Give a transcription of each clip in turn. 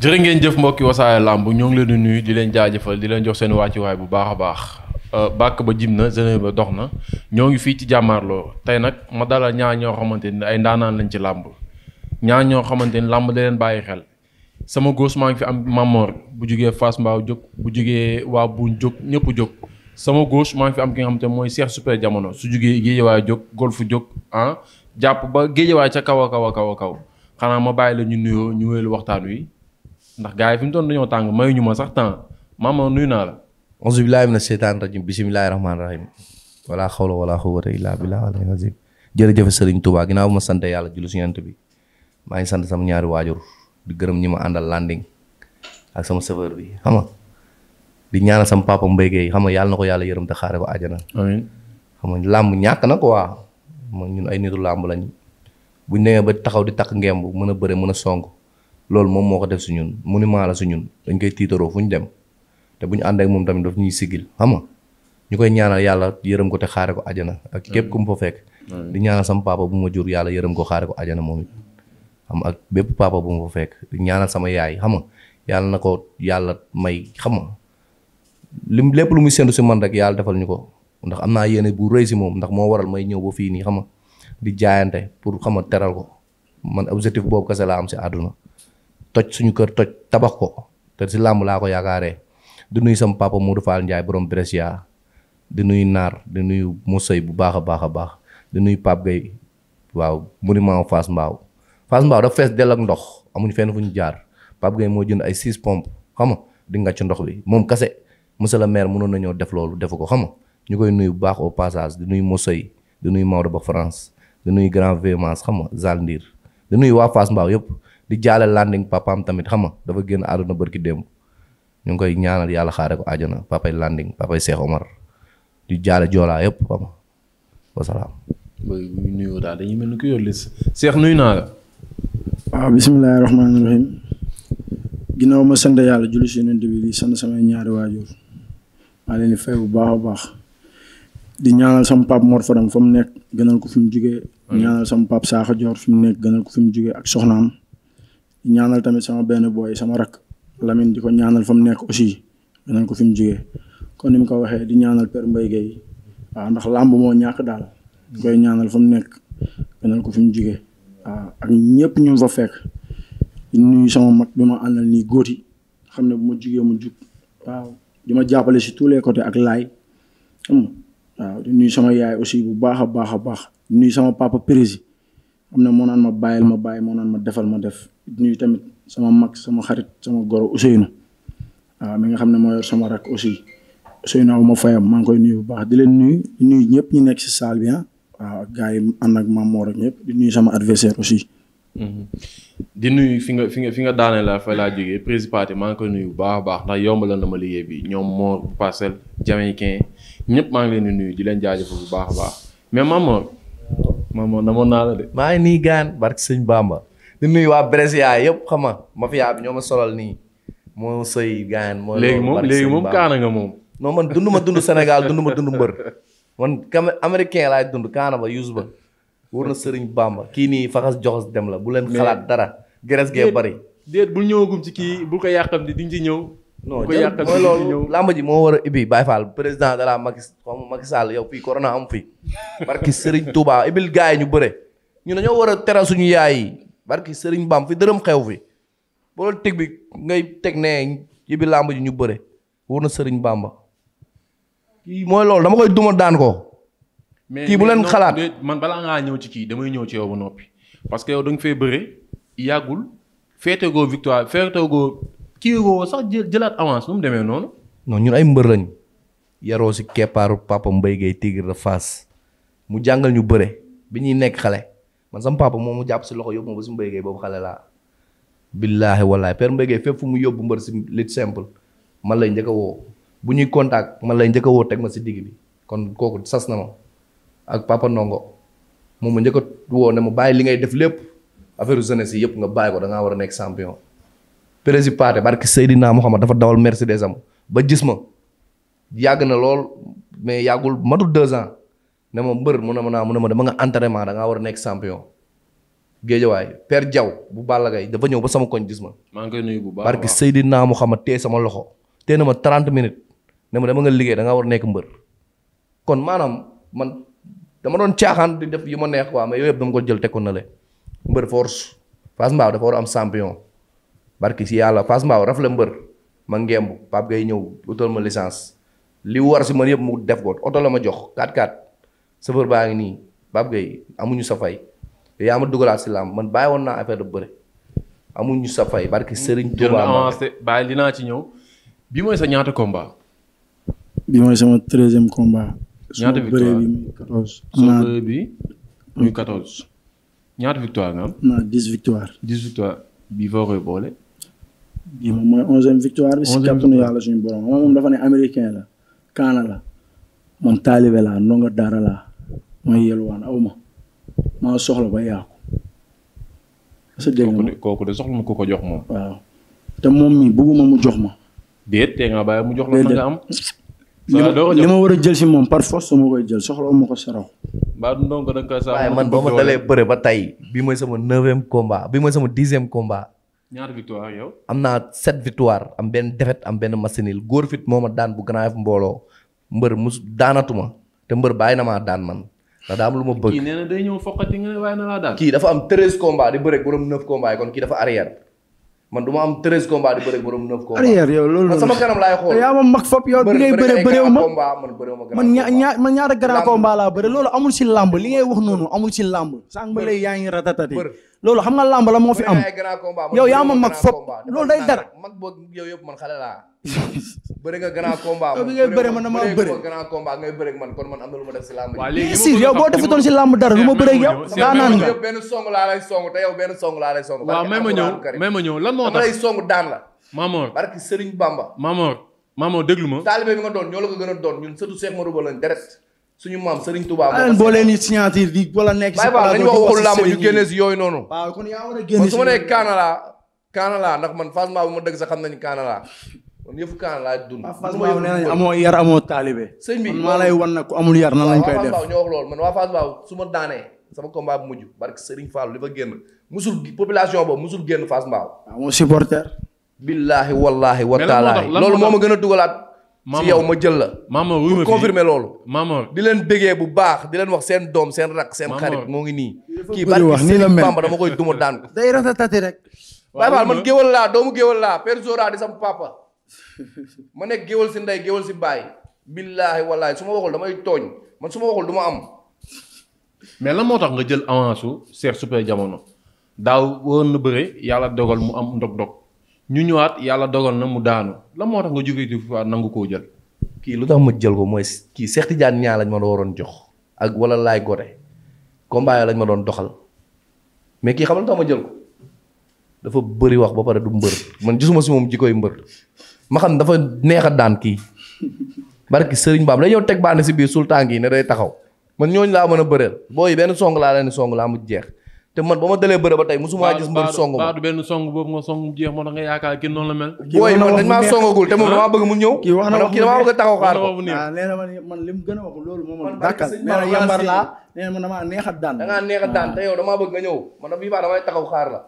jërë ngeen jëf mbokki wasaare làmb ñoo ngi leen di nuyu di leen jaajëfal di leen jox seen wàccuwaay bu baax a baax euh, bàkk ba jib na géné ba dox na ñoo ngi fii ci jàmmaarloo tey nag ma dalal ñaar ñoo xamante ni ay ndaanaan lañ ci làmb ñaar ñoo xamante ni làmb da leen bàyyi xel sama góos maa ngi fi am Mamor bu jugee Fass Mbaaw jóg bu jógee waa buñ jóg ñëpp jóg sama goos maa ngi fi am ki nga xam xamante mooy Cheikh Super Jamono su jugee géejawaay jóg golfu jóg ah jàpp ba géejawaay ca kaw a kaw a kaw kaw xanaa ma bàyyi la ñu nuyoo ñu waxtaan wi ndax gars yi fi mu doon dañoo tàng mayuñu ma sax temps ma nuyu naa la. auzu billaahi mina seytaani rajiim bismillaahi rahmaani rahiim. wala xawla wala quwwata illaa billaahi al-aliyyil aziim. jërëjëf Serigne Touba ginnaaw ma sant yàlla julli si yonent bi maa ngi sant sama ñaari waajur di gërëm ñi ma àndal landing sama chauffeur bi xam nga di ñaanal sama papa yi xam nga yàlla na ko yàlla yërëm te xaare ko àjjana. amiin xam nga làmb ñàkk na quoi ñun ay nitu làmb lañ bu demee ba taxaw di takk ngemb mën a bëre mën a song loolu moom moo ko def su ñun mu monument la su ñun dañ koy tiitaroo fu ñu dem te bu ñu ànd ak moom tamit daf ñuy sigil xam ñu koy ñaanal yàlla yërëm ko te xaare ko ajana ak képp ku mu fa fekk di ñaanal sama papa bu ma jur yàlla yërëm ko xaare ko ajana moom it xam ak bépp papa bu fekk di sama yaay xam nga yàlla na ko yàlla may xam nga lim lépp lu muy séntu si man rek yàlla defal ñu ko ndax am naa yéene bu rëy si moom ndax moo waral may ñëw ba fii nii xama di jaayante pour xam nga teral ko man objectif boobu kese laa am si àdduna toj suñu kër toj tabax ko te si làmb laa ko yaakaaree di nuy sama papa Modou Fall Ndiaye borom Brescia di nuyu naar di nuyu Moussey bu baax a baax a baax di nuyu Pape Gueye waaw monument Fass Mbao Fass Mbao dafa fees dell ak ndox amuñu fenn fu ñu jaar Pape Gueye moo jënd ay six pompes xam nga di nga ci ndox bi moom kase monsieur le maire mënoon nañoo def loolu defu ko xam nga ñu koy nuyu bu baax au passage di nuyu Moussey di nuyu Maodo ba France di nuy grand Vémence xam nga Zal Ndir di nuyu waa Fass Mbao yëpp. di jaale landing papaam tamit xam nga dafa génn àdduna barki démb ñu ngi koy ñaanal yàlla xaare ko àjjana papay landing papay Cheikh Omar di jaale joolaa yëpp xam mel ni ku yor liste Cheikh nuyu ginnaaw ma sant yàlla julli si yonent bi ñaari waajur maa leen baax a baax di ñaanal sama pap Mor Fadam mu nekk gënal ko fi mu jugee. ñaanal sama pap Sakho joor fi mu nekk gënal ko fi mu jugee ak soxnaam. ñaanal tamit sama benn booy sama rak Lamine di ko ñaanal fa mu nekk aussi danañ ko fi mu jugee kon ni mu ko waxee di ñaanal Père Mbaye Gueye waaw ndax làmb moo ñàkk daal ñu koy ñaanal fa mu nekk danañ ko fi mu jugee waaw ak ñëpp ñu fa fekk nuyu sama mag bi ma àndal nii góoti xam ne bu ma jugee mu jug waaw di ma jàppale si tous les côtés ak laay xam waaw di nuyu sama yaay aussi bu baax a baax a baax di nuyu sama papa prési am na moo naan ma bàyyil ma bàyyi moo naan ma defal ma def nuyu tamit sama mag sama xarit sama goro na waaw mi nga xam ne moo yor sama rak aussi Ousseynou aw ma fayam maa ngi koy nuyu bu baax di leen nuyu nuyu ñëpp ñu nekk si salle bi ah waaw yi ànd ak maam ñëpp di nuyu sama adversaire aussi. Mhm. di nuyu fi nga fi nga fi nga daane la fa laa jógee principalité maa ngi koy nuyu bu baax a baax ndax yombaloon na ma liggéey bi ñoom Mor Parcelles Jamaïcain ñëpp maa ngi leen di nuyu di leen jaajëfal bu baax a baax mais maam Mor ma na moon naa la de. maa ngi nii gaan barke sëñ Bamba. di nuyu waa Brescia yëpp xam nga mafia bi ñoo ma solal nii. moo sëy gaan moo. léegi moom léegi moom kaana nga moom. non man dund ma dund Sénégal dund ma dund mbër. man cam américain laay dund kaana ba yuus ba. wóor na sëriñ Bamba kii nii faxas joxas dem la bu leen. xalaat dara. geres gee bari déet bu ñëwagum ci kii bu ko yàqam di di ci ñëw. non jërëjëf làmb ji moo war a ibbi Baye Fall président de la Macky xaw Macky Sall yow fii corona am fii barki Serigne Touba ibil gaay ñu bëre ñu dañoo war a teral suñu yaay yi barki Serigne Bam fi dërëm xew fi boo teg bi ngay teg ne ibi làmb ji ñu bëre wóor na sëriñ Bamba kii mooy loolu dama koy duma daan ko. kii bu leen xalaat man balaa ngaa ñëw ci kii damay ñëw ci yow ba noppi parce que da nga fee goo kii woo sax jëlaat avance nu mu demee noonu. non ñun ay mbër lañ yaroo si keppaaru papa Mbaye Guèye Tigre de Fass mu jàngal ñu bëre bi ñuy nekk xale man sama papa moom mu jàpp si loxo yóbbu ma ba si Mbaye Guèye boobu xale laa. billaahi wallaahi père Mbaye Guèye fépp fu mu yóbbu mbër si lutte simple man lay njëkk a woo bu ñuy contact man lay njëkk woo teg ma si digg bi kon kooku sas na ma ak papa Ndongo moom ma njëkk a woo ne ma bàyyi li ngay def lépp affaire jeunesse yi yëpp nga bàyyi ko da ngaa war a nekk champion. prési paate barke Seydina Muhammad dafa dawal Mercedes am ba gis ma yàgg na lool mais yàggul matul deux ans ne ma mbër mu ne ma naa mu ne ma dama nga entraînement da ngaa war a nekk champion géejawaay per Diaw bu Balla Gaye dafa ñëw ba sama koñ gis ma. maa ngi koy nuyu bu baax barke Seydina Muhammad tee sama loxo tee na ma 30 minutes ne ma dama nga liggéey da war a nekk mbër kon maanaam man dama doon caaxaan di def yu ma neex quoi mais yooyu yëpp dama ko jël teg na le mbër force Fass Mbaw dafa war am champion. barki si yàlla Fass Mbao raf la mbër ma ngemb Pape Gueye ñëw utal ma licence li war si man yëpp mu def ko oto la ma jox 4-4 sëfër baa ngi nii Pape Gueye amuñu sa fay yaa ma dugalaat si làmb man bàyyi woon naa affaire de bëre amuñu sa fay barki Serigne Touba avancé bàyyi li naa ci ñëw bi mooy sa ñaata combat. bi mooy sama treizième combat. ñaata victoire bi muy quatorze. naa bëree bi muy victoire nga am. naa dix victoire. dix victoire bi foo koy boole. bii moom mooy onzième victoire bi. si kàttanu yàlla suñu borom moom dafa ne américain la. kaana la man taalibe laa ndongo daara laa mooy yelwaan aw ma maa soxla ba yaaku. sa dégg nga kooku de soxla na ko ko jox moom. waaw te moom mii bëgguma mu jox ma. déet tey nga bàyyi mu jox la nga am. li ma war a jël si moom par force ma koy jël soxla ma ko sarax. ba ndongo da koy waaye man ba ma dalee bëre ba tey bi mooy sama neuvième combat bi mooy sama dixième combat. ñaari victoire yow. am naa sept victoire am benn défaite am benn machinil góor fit moo ma daan bu Grand Yoff mbooloo mbër mus daanatuma te mbër bàyyi na maa daan man. ndax daa am lu ma bëgg kii day ñëw foqati nga ne waaye na laa daan. kii dafa am treize combats di bëreeg borom neuf combats yi kon kii man du ma ñaa ñaa man ñaata grand combat laa bëre loolu amul si làmb li ngay wax noonu amul si làmb. sànq ba léegi yaa ngi ratatati loolu xam nga làmb la moo fi am yow yaa ma mag fop loolu day dara. mag boobu yow yëpp man xale laa. bëri nga grand combat bi ngay bëri man damaa bëri grand combat ngay bëri man kon man am na lu ma def si làmb si yow boo defutoon si làmb dara lu ma bëri yow daa naan nga benn song laa lay song te yow benn song laa lay song waaw may ma ñëw ma ñëw lan moo tax lay song daan la Mamor barki Sëriñ Bamba Mamor déglu ma taalibe bi nga doon ñoo la ko gën doon ñun surtout Cheikh Modou Ba lañ direct suñu maam Serigne Touba. maa leen boole ni signature di wala nekk si. par rapport ak waxul làmb ñu génne si yooyu noonu. waaw kon yaa a génne si ndax man Fass Mbawu bu ma sax xam nañu Kaanala kon yëfu Kaanala dund. waaw Fass Mbawu nee nañu amoo yar amoo taalibe. sëñ bi maa lay wan nag ku amul yar nan lañ koy def waaw ñoo wax loolu man waa Fass Mbawu su ma daanee sama combat bu mujj barke Serigne Fallou li fa génn musul population boobu musul génn Fass Mbawu. amoo supporter. billaahi wallaahi wa loolu moo ma gën a dugalaat si yow ma jël la. Mamor wuyu ma fii confirmer loolu. Mamor di leen bégee bu baax di leen wax seen doom seen rak seen xarit moo ngi nii. kii barke Sëriñ Bamba dama koy duma daan ko. day ratatati rek. waaw waaw man laa doomu géwal laa père Zora di sama papa. ma nekk géwal si ndey géwal si baay. billaahi wallaahi su ma waxul damay tooñ man su ma waxul du ma am. mais lan moo tax nga jël avance su Cheikh Super Jamono daaw waroon na bëre yàlla dogal mu am ndog-ndog. ñu ñëwaat yàlla dogal na mu daanu la moo tax nga jógee ci fa nangu koo jël. kii lu tax ma jël ko mooy kii Cheikh jaan ñaa lañ ma waroon jox. ak wala laay gote combat lañ ma doon doxal mais kii xamal tax ma jël ko dafa bëri wax ba pare du mbër man gisuma si moom ji koy mbër ma xam dafa neex a daan kii barki sëriñ baam day ñëw teg baane si biir sultaan gi ne day taxaw man ñooñu laa mën a bëreel booy benn song laa leen song laa mu jeex te man ba ma dalee bëre ba tey musuma suma mbër song ma du benn song boobu nga song jeex moo tax nga yaakaar kenn noonu la mel booy man dañ maa songagul te moom damaa bëgg mu ñëw kii wax na damaa bëgg a xaar ko nee man a wax loolu moom man dàkkal laa nee na man damaa neex daan a daan ah. te yow damaa bëgg nga ñëw man bii baa damay taxaw xaar la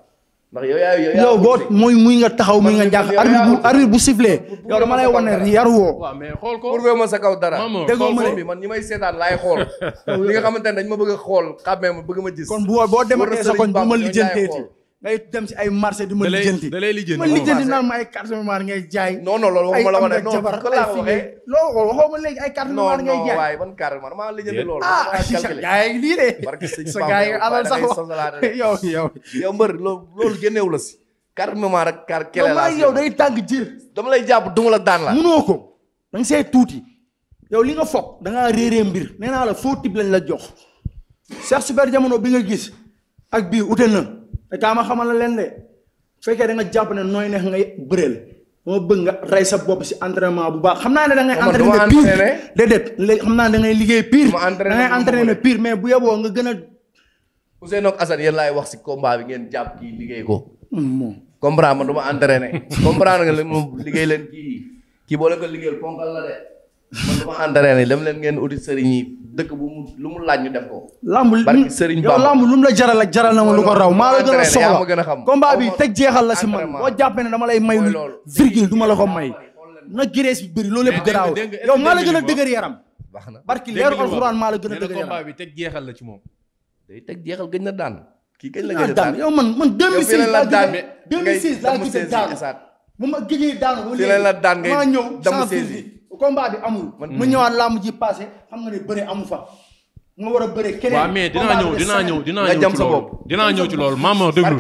ndax yow yaa yow boo muy muy nga taxaw muy nga jàkk arbitre bu arbitre bu sifflé yow dama lay wane ne yar woo mais xool ko ma sa kaw dara déggoo ma ne man ñi may seetaan laay xool li nga xamante ne dañ ma bëgg a xool xàmmee ma bëgg ma gis kon bu boo dematee sa koñ bu ma lijjanteeti ngay dem ay marché di ma lijjanti da lay lijjanti ma lijjanti naan ma ay carte mémoire ngay jaay non loolu waxuma ma ne non ko loolu waxoo ma léegi ay carte mémoire ngay jaay waaye ban maa lijjanti loolu ah sa gaa yi alal sax yow yow yow la si carte mémoire yow day tànk jir dama lay jàpp duma la daan la munoo ko danga see tuuti yow li nga foog da ngaa réeree mbir nee naa la faux type lañ la jox Cheikh Super jamono bi nga gis ak bii ute na état ma xamal la leen de fekkee da nga jàpp ne nooy neex ngay bëreel moo bëgg nga rey sa bopp si entraînement bu baax xam naa ne da ngay entraîné pire déedéet léegi xam naa ne da ngay liggéey pire da mais bu yeboo nga gën a Ousseynou ak Assane yéen laay wax si combat bi ngeen jàpp kii liggéey ko mm, comprendre man du ma entraîné comprendre nga leen moom liggéey leen kii kii boo leen ko liggéeyal ponkal la de man dama entraîné dem leen ngeen audit sëriñ yi dëkk bu mu lu mu laaj def ko. lamb sëriñ Bamba lu mu la jaral ak jaral na ma lu ko raw. maa la gën a soxla combat bi teg jeexal la si man boo jàppee ne dama lay may virgule du ma la ko may. na gréés bi bëri loolu lépp gënaaw yow maa la gën a la gën a dëgër moom. day na daan. kii gëj la ah, gëj a daan yow man man 2006 laa gëj a daan 2006 laa gëj a daan bu daan maa ñëw sans virgule combat bi amul. mu mm. ñëwaat làmb ji passé xam nga ne bëre amu fa. mu war a bëre keneen waaw mais dinaa ñëw dinaa ñëw dinaa ñëw ci loolu dinaa ñëw ci loolu Mamor déglu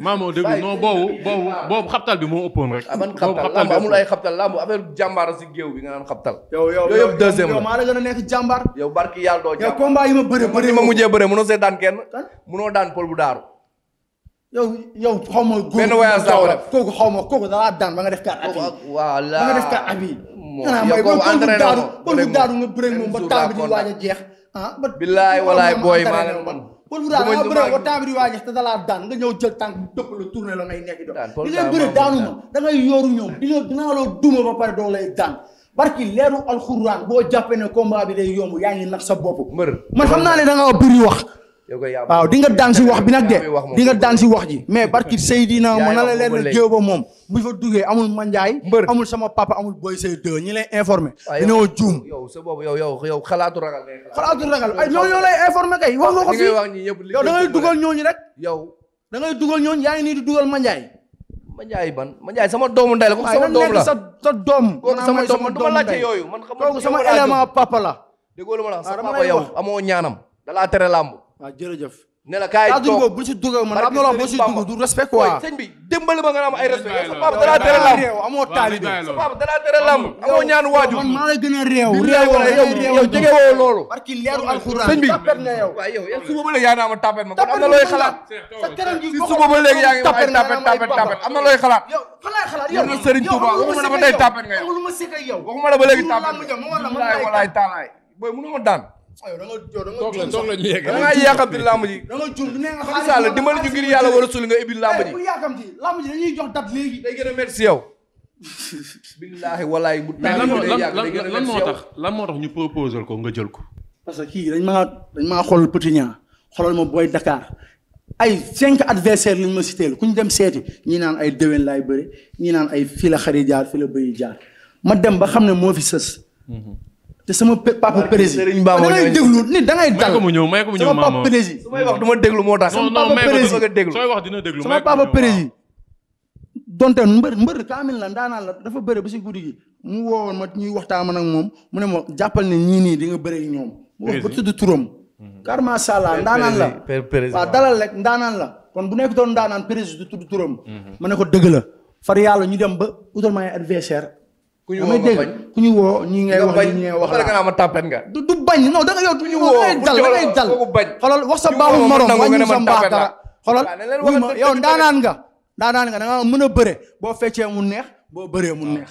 Mamor eh. déglu non boobu boobu boobu xabtal bi moo ëppoon rek. man ah, xabtal amul ay xabtal làmb affaire jàmbaar si géew bi nga naan xabtal. yow yow yow yëpp maa la gën a nekk jàmbaar. yow barki yàlla doo jàmbaar yow combat yi ma bëre bëre ma mujjee bëre mënoo see daan kenn mënoo daan pël bu daaru yow yow xaw ma. benn voyage daaw la kooku xaw ma kooku da laa daan ba nga def kaat abi. Ah, voilà ba nga def kaat abi. yow kooku entraîné na ko bële nga bëre moom ba temps bi di waaj a jeex. ah ba bilaay walaay booy maa leen man. pour bu daal nga bëre ba temps bi di waaj a jeex te da laa daan nga ñëw jël tànk dëpp la tourné la ngay nekk doon. di nga bëre daanu ma da ngay yooru ñoom di nga dinaa loo duma ba pare doo lay daan. barki leeru alxuraan boo jàppee ne combat bi day yomb yaa ngi nax sa bopp. man xam naa ne da nga bëri wax waaw di nga daan si wax bi nag de di nga daan si wax ji mais barki Seydina ma na la leen géew ba moom bu fa duggee amul manjaay amul sama papa amul boy say deux ñi lay informé dañoo juum yow sa boobu yow yow yow xalaatu ragal xalaatu ragal ay ñoo ñoo lay informé kay wax nga ko fii yow da ngay dugal ñooñu rek yow da dugal ñooñu yaa ngi nii di dugal manjaay manjaay ban manjaay sama doomu ndey la ko sama doom la sa sa doom sama doom duma laajte yooyu man xam sama élément papa la déggoo lu ma la sa papa yow amoo ñaanam da laa tere làmb waaw jërëjëf. ne la kaay toog bu ci dugal man am na loo boo ci dugg du respect quoi. sëñ bi dimbali ba nga am ay respect. sa papa dalaa tere lamb amoo taalibe sa papa dalaa tere lamb amoo ñaan waajur. man maa la gën a réew. réew réew yow jege woo loolu. barki leeru alxuraan sëñ bi waaw yow yow suba ba léegi yaa ngi am tapet ma kon am na looy xalaat. si suba ba léegi yaa ngi am ay tapet tapet tapet am na looy xalaat. yow na Sëriñ Tuuba waxuma la ba tey tapet nga yow waxuma la ba léegi tapet nga. walaay walaay taalaay booy mënu ma daan aywa da nga joo da nga. toog la toog la ñu yegg da ngaa yàkkamti làmb ji. ñu ngir yàlla war a suul nga ibil làmb ji. bu yàkkamti dañuy jox date léegi. day gën a métti si yow. billaahi walaay bu tawee bu dee day gën a métti si yow lan moo tax ñu proposal ko nga jël ko. parce que kii dañ ma dañ maa xool Petit Niang xoolal ma Boy Dakar ay cinq adversaires lañ ma si cité ku ñu dem seeti ñi naan ay déwén laay bëri ñi naan ay fii la xari jaar fii la bëyi jaar ma dem ba xam ne moo fi sës mhm. te sama papa prési da ngay déglu nit da ngay dal sama papa prési su may wax du ma déglu moo tax sama papa prési déglu sama papa prési donte mbër mbër kaamil la ndaanaan la dafa bëre ba si guddi gi mu woowoon ma ñuy waxtaan ma ak moom mu ne ma jàppal ne ñii nii di nga bëre ak ñoom mu wax ba tudd turam mhm. kar macha allah ndaanaan la waaw dalal rek ndaanaan la kon bu nekk doon ndaanaan prési du tudd mhm. ma ne ko dëgg la far la ñu dem ba utal ma ay ku ñu woo ma tàppet nga du da nga yow ku sa baaxu morom wàññi sa mbaax dara xoolal ma yow ndaanaan nga da nga mën a bëre boo feccee mu neex boo bëree mu ah, neex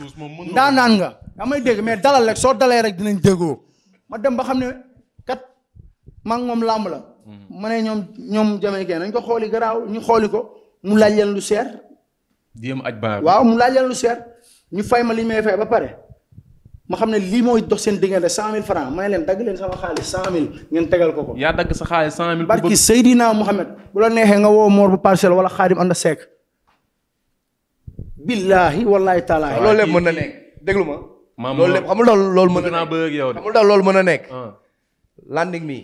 ndaanaan nga yaa may dégg mais dalal rek soo dalee rek dinañ déggoo ma dem ba xam ne kat maa ngi moom làmb la hmm. ma ne ñoom ñoom jamekee nañ ko xooli garaaw ñu xooli ko mu laaj leen lu seer waaw mu laaj leen lu seer ñu fay ma li ñu may fay ba pare ma xam ne lii mooy dox seen diggante cent mille franc may leen dagg leen sama xaalis cent mille ngeen tegal ko ko. yaa dagg sa xaalis cent mille. barki Seydina Mohamed bu la neexee nga woo Mor bu parcelle wala Xaadim ànd Seck. billaahi wallaahi taalaahi. loolu lépp mën na nekk déglu ma. maam loolu lépp xam nga loolu mën na nekk xam ah. loolu mën na nekk. landing mi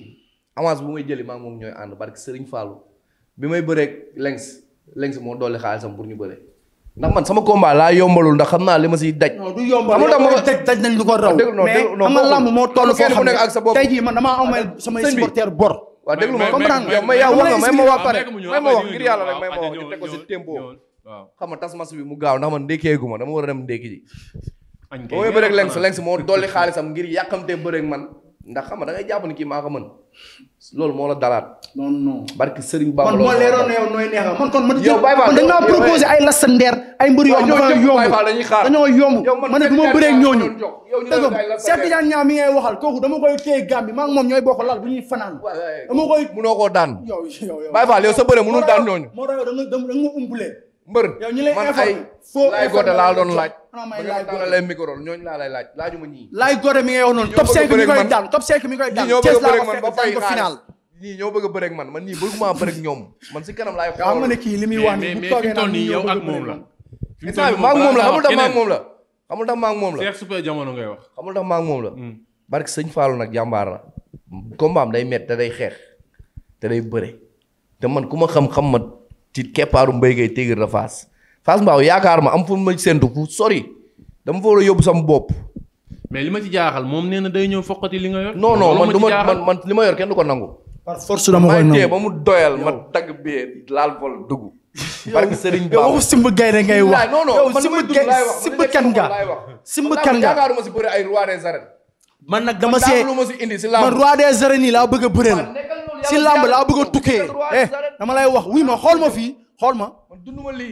avance bu may jëli maa moom ñooy ànd barki Serigne Fallou bi may bëreek bëreeg lengs lengs moo dolli xaalisam pour ñu bëre ndax man sama combat laa yombalul ndax xam naa li ma siy daj. non du yombal daj daj nañ lu ko raw. mais am na lamb moo toll foo xam ne tey jii man damaa amal samay supporter bor. waaw déglu ma comprendre nga may yaa wax nga may ma wax pare may ma ah, wax ngir yàlla rek may ma wax ñu teg ko si tempo. xam nga tas mas bi mu gaaw ndax man ndékkeegu ma dama war a dem ndékki ji. añ kay ba rek lengs ah. lengs moo dolli xaalisam ngir yàkkamtee bëreeg man ndax xam nga da ngay jàpp ne kii maa loolu moo la dalaat. non non barki Ba. man na yow nooy neexal man kon man. yow Baye Fall yow yow proposé ay lasta ndeer ay mbër yoo xam dañoo yomb man ne du ma bëree ñooñu. dëgg la Cheikh Tidiane Niang mi ngay waxal kooku dama koy maa ngi moom ñooy bokk lal bu ñuy fanaan. dama koy munoo daan. yow yow yow Baye daan ñooñu. moo tax yow da nga da nga mbër man ay laay gote laa doon laaj. ba nga tàllalee micro ñooñu laa lay laaj laajuma ñii. laay gote mi ngay wax noonu top 5 mi koy daan top ñoo bëgg a bëreeg man ñii ñoo bëgg a bëreeg man man ñii bëgguma bëreeg ñoom man si kanam laay xool. kii li muy wax nii bu toogee naan nii yow ak moom la. xamul tax maa moom la. xamul tax maa moom la. Cheikh jamono ngay wax. xamul tax maa ngi moom la. Hmm. barke sëñ Fallou nag jàmbaar la. combat am day met te day xeex te day bëre te man ku ma xam xam ma ci keppaaru Mbaye Gueye Tigre de Fass Fass Mbao yaakaar ma am fu ma séntu fu sori dama fa war a yóbbu sama bopp. mais li ma ci jaaxal moom nee na day ñëw foqati li nga yor. non non man du ma man man li ma yor kenn du ko nangu. par force dama koy nangu ba mu doyal ma tagg bee laal vol dugg. barke Serigne Ba yow simb gay rek ngay wax. non non man simb gay si man nag dama see laa bëgg a si lamb laa bëgg a tukkee eh dama lay wax wuy ma xool ma fii xool ma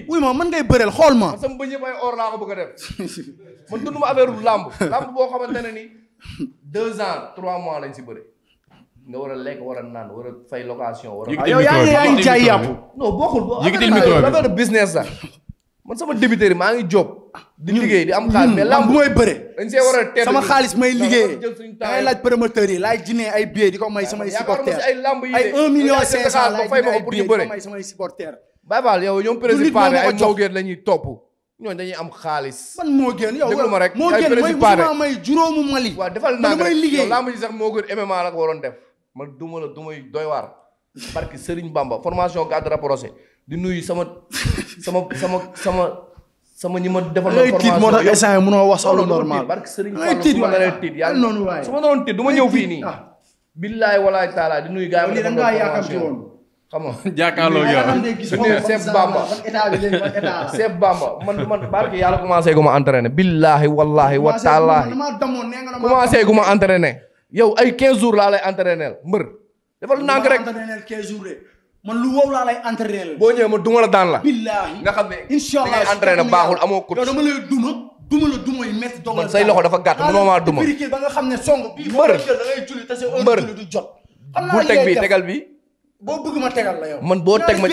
wuy ma man ngay bëreel xool ma. man sama bëñ yëpp ay or laa ko bëgg a def man dund ma affaire lamb làmb boo xamante ne ni deux ans trois mois lañ si bëre. nga war a lekk war a naan war a fay a yëg yaa ngi jaay yàpp. non bokkul la man sama débiteur yi maa ngi job di liggéey di am xaalis hmm, mais lamb bu may bëre sama xaalis may liggéey dangay laaj promoteur yi laaj jinee ay billets di ko may samay supporter ay un million cinq cent laaj jinee ay billets di ko may samay ma rek moo gën mooy musuma may juróomu Mali waaw liggéey lamb sax moo gën MMA la ko waroon def man duma la dumay doy waar barki Serigne Bamba formation garde rapproché di nuyu sama sama sama sama sama ñi ma defal ma formation moo tax instant yi munoo wax solo normal barke Serigne Fallou su ma naree tiit yàlla noonu waaye su ma naroon tiit du ma ñëw fii nii ah. billaay walaay taala di nuyu gars yi da ngaa yaakaar woon xam Bamba Sepp Bamba barke yàlla commencé gu ma entraîné billaahi wallaahi wa taalaahi commencé gu ma entraîné ay 15 jours laa lay entraîné mbër defal nànk man lu wow laa lay entraîné boo ñëwee ma duma la daan la. billaahi nga xam ne. incha allah li entraîné baaxul amoo course. dama lay duma duma la duma yi métti. dong la say loxo dafa gàtt mënoo maa duma. mbër mbër bul teg bi tegal bi. boo bëgg ma tegal la yow. boo teg ma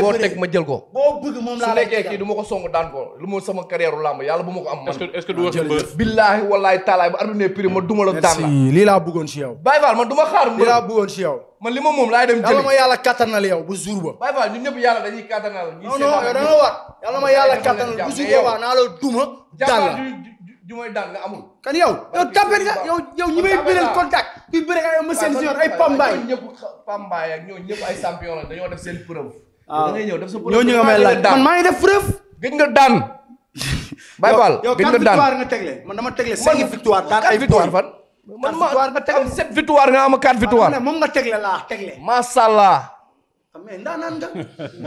boo teg ma jël ko. boo bëgg moom laa lay tegal su nekkee kii du ma ko song daan ko lu ma sama carrière làmb yàlla ma ko am. man est-ce que du wax mbër. Ah, bu arbitre ne prix ma duma la daan la. merci lii ci yow. Baye Fall ma xaar mbër. lii laa ci yow. man li ma moom laay dem jëli. yàlla ma bu jour da nga ju may daan nga amul. kan yow yow tapé nga yow yow ñi may biral contact. kuy bëre ay Eumeu Sène Junior ay Pambaay. ñëpp Pambaay ak ñooñu ñëpp ay champion la dañoo def seen preuve. waaw ah. ñëw def sa preuve ñooñu nga may laaj man maa ngi def preuve. gën nga daan. bay baal gën nga daan yow tegle man dama tegle 5 ma nga tegle 7 victoire ah, moom nga tegle laa tegle. macha allah. Ah, mais ndaanaan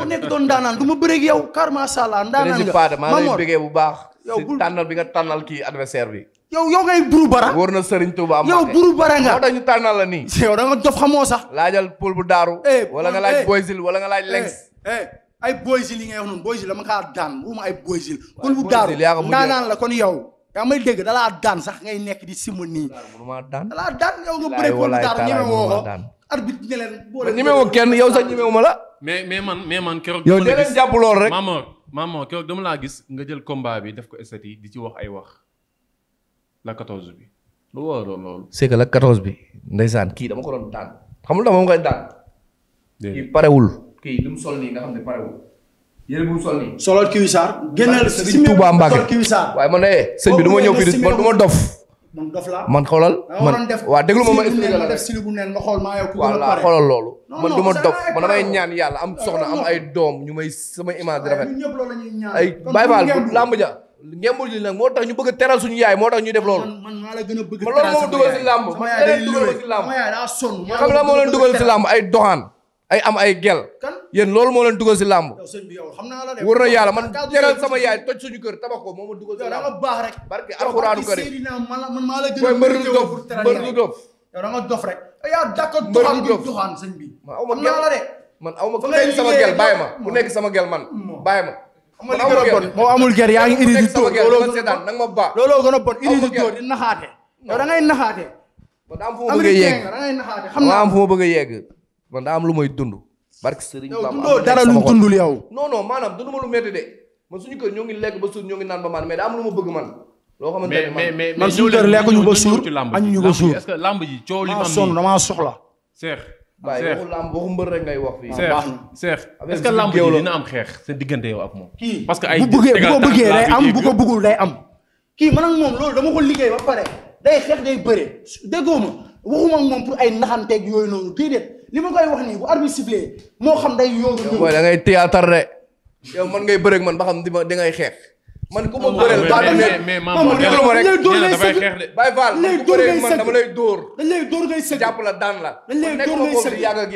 nekk doon ndaanaan du ma bëreeg yow car macha allah ndaanaan nga. bu baax yow bul tànnal bi nga tànnal kii adversaire bi. yow yow ngay buru bara. wóor na Serigne Touba am yow buru bara nga. moo tax ñu tànnal la nii. yow da nga dof xamoo sax. laajal Poul bu Daaru. Eh, wala nga laaj eh. Boyzil wala nga laaj Lengs. Eh, ay Boyzil yi ngay wax noonu Boyzil dama kaa daan wuma ay Boyzil. Poul bu Daaru naa naan la kon yow. yaa may dégg dalaa daan sax ngay nekk di simu nii. dalaa daan yow nga bëree Poul bu Daaru ñeme woo ko. arbitre ne leen boole ñeme woo kenn yow sax ñeme wu ma la. mais mais man mais man keroog. yow dee leen jàpp lool rek. maman keroog dama laa gis nga jël combat bi def ko estat yi di ci wax ay wax la 14 bi lu waroon loolu. c'est que la 14 bi ndeysaan kii dama ko doon daan xamul dama koy daan. kii parewul. kii li mu sol nii nga xam ne parewul. yéen bu mu sol nii. solol kiwisaar. génnal si Touba Mbacke waaye man ne eh, sëñ bi du ma ñëw fii du ma dof. man dof laa man xoolal. man waaw déglu ma ma expliqué la rek si bu xool maa loolu. man du ma dof man damay ñaan yàlla am soxna am ay doom ñu may sama image rafet. ay Baye Fall làmb ja. ngembul li nag moo tax ñu bëgg a teral suñu yaay moo tax ñuy def loolu. man maa la a bëgg a teral sama yaay man loolu moo dugal si làmb. man leen dugal moo leen dugal si làmb ay doxaan ay am ay gel yéen loolu moo leen dugal si làmb wër na yàlla man teral sama yaay toj suñu kër tabax ko moo ma dugal si làmb baax rek barke alxuraanu karim koy mbër du dof mbër du dof yow da nga dof rek yaa d'accord doxaan gi doxaan sëñ bi man aw ma gel man aw ma ku nekk sama gel bàyyi ma ku nekk sama gel man bàyyi ma man aw ma gel moo amul gel yaa ngi indi di tóor looloo gën a bon ma baax looloo gën a bon indi di tóor di naxaate yow da ngay naxaate am fu ma bëgg a yegg am fu ma bëgg a yegg man daa am lu may dund. barke sëriñ Bamba dara lu dundul yow. non non maanaam dunduma lu métti de man suñu kër ñoo ngi lekk ba suur ñoo ngi naan ba maan am lu ma bëgg man. loo xamante ne man mais mais man suñu kër lekk que lamb ji coow li ma sonn damaa soxla. Cheikh Cheikh waxu lamb waxu mbër rek ngay wax ah, na am xeex sa diggante yow ak moom. kii parce que ay bu bëggee bu ko bëggee day am bu ko bëggul day am. kii man ak moom loolu dama ko liggéey ba pare day xeex day bëre déggoo ma waxuma moom pour ay naxanteeg yooyu noonu déedéet li ma koy wax nii bu arbitre sifflé moo xam day yóngu. yow ngay théâtre de. yow man ngay bëreeg man ba xam di ma da ngay xeex. ma bëreel ba mais mais ma ma déglu dama lay dóor. dañ lay door ngay sëgg jàpp la daan la. dañ lay dóor ngay sëgg nekk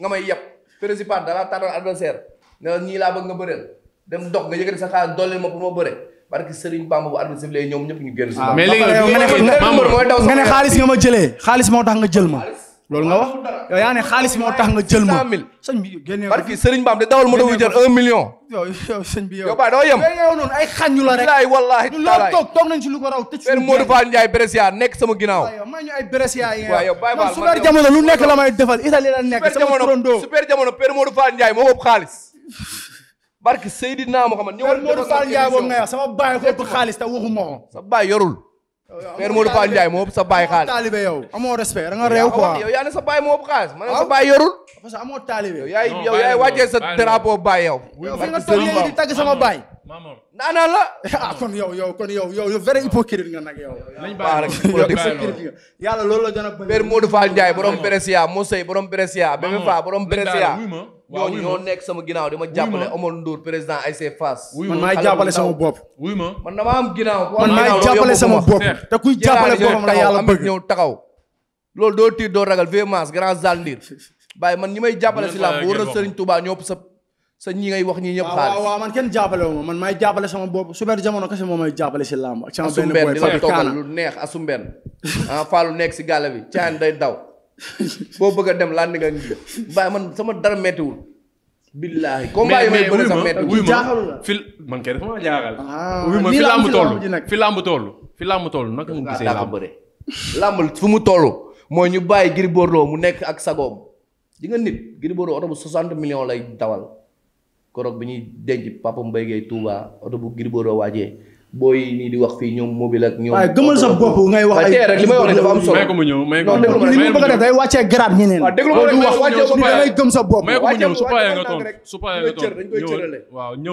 nga may yeb. principal da laa tànnal adversaire ne la ñii laa bëgg nga bëreel dem dox nga yëkkati sa xaalis dolli ma pour ma bëre parce que Serigne Bamba bu arbitre ñoom ñëpp ñu génn si. Ah, mais nga ne xaalis nga ma jëlee xaalis moo tax nga jël ma loolu nga wax yow yaa xaalis moo tax nga jël ma bi génne barki sëriñ mbaam de dawal ma doon jël un million yow yow sëñ yem yow noonu ay xañu la rek bilaay nekk sama ginnaaw yow may ñu ay Brescia yi nekk la nekk sama turandoo super jamono père Modou Fall Ndiaye moo ëpp xaalis barki Seydina Mouhamad ñëwal Modou Fall Ndiaye boobu nga wax sama baay ko ëpp xaalis te waxu ma ko sa yorul père Modou Fall Ndiaye moo ëpp sa baay xaalis taalibe yow amoo respect da nga réew quoi yow yaa ne sa baay moo ëpp xaalis ma ne sa ah. baay yorul parce que di tagg sama maamam naanaan la ah kon yow yow kon yow yow yow vrai hypocrite nga nag yow. waaw ah, rek hypocrite nga yàlla loolu la gën a bëri. Père Modou Fall Ndiaye borom Brescia Moussey borom Brescia. Bébé Fall borom Brescia. ñooñu ñoo nekk sama ginnaaw di ma jàppale Omar Ndour président ay ses Fass. man maay jàppale sama bopp. wuy ma man damaa am ginnaaw. man maay jàppale sama bopp te kuy jàppale boppam la yàlla bëgg ñëw taxaw. loolu doo tiit doo ragal Vémance grand Zaldir. bàyyi man ñi may jàppale si làmb wóor na Serigne Touba ñoo sa sa ñi ngay wax ñi ñëpp xaalis waaw waaw man kenn jàppale wu ma man may jàppale sama bopp su benn jamono kese moo may jàppale si làmb ak sama benn boy Fabi Kaana ah, nekk si gàlle bi caan day daw boo bëgg a dem laandi nga ngi man sama dara mettiwul billaahi combat yi may bëri sax metti wuy ma fil man kay dafa ma jaaxal ah, wuy ma fi làmb toll fi làmb toll fi naka nga gisee làmb bëre làmb fu mu toll mooy ñu bàyyi Gris Bordeaux mu nekk ak sagoom di nga nit Gris Bordeaux oto bu 60 millions lay dawal koroog bi ñuy denc papa Mbaye Gueye tuuba oto bu Gris Bordeaux waajee booy nii di wax fii ñoom mobile ak ñoom. waaye gëmal sa bopp ngay wax li may wax ne dafa am solo. may ko mu ñëw mu ñëw li mu bëgg a def day wàccee grade waaw déglu ma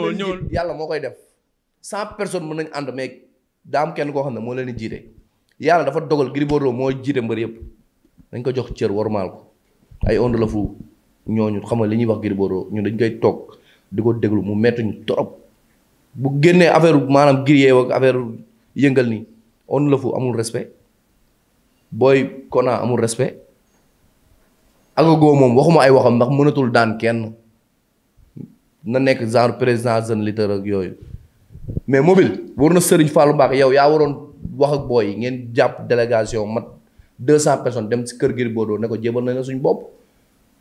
rek yàlla moo koy def cent personnes mën nañ ànd daa kenn koo xam ne moo leen di jiite yàlla dafa dogal Gris Bordeaux moo jiite yëpp dañ ko jox cër warmaal ko ay onde la fu ñooñu xam nga li ñuy wax Gris Bordeaux ñun dañ koy toog di ko déglu mu métti ñu bu génnee affaire maanaam giriyee ak affaire yëngal nii on la fu amul respe booy Kona amul respect Agogo moom waxuma ay waxam ndax mënatul daan kenn na nekk genre président jeune leader ak yooyu mais mobile war na Serigne Fallou Mbacké yow yaa waroon wax ak booy ngeen jàpp délégation mat deux cent personnes dem si kër Gris Bordeaux ne ko jébal nañ la suñ bopp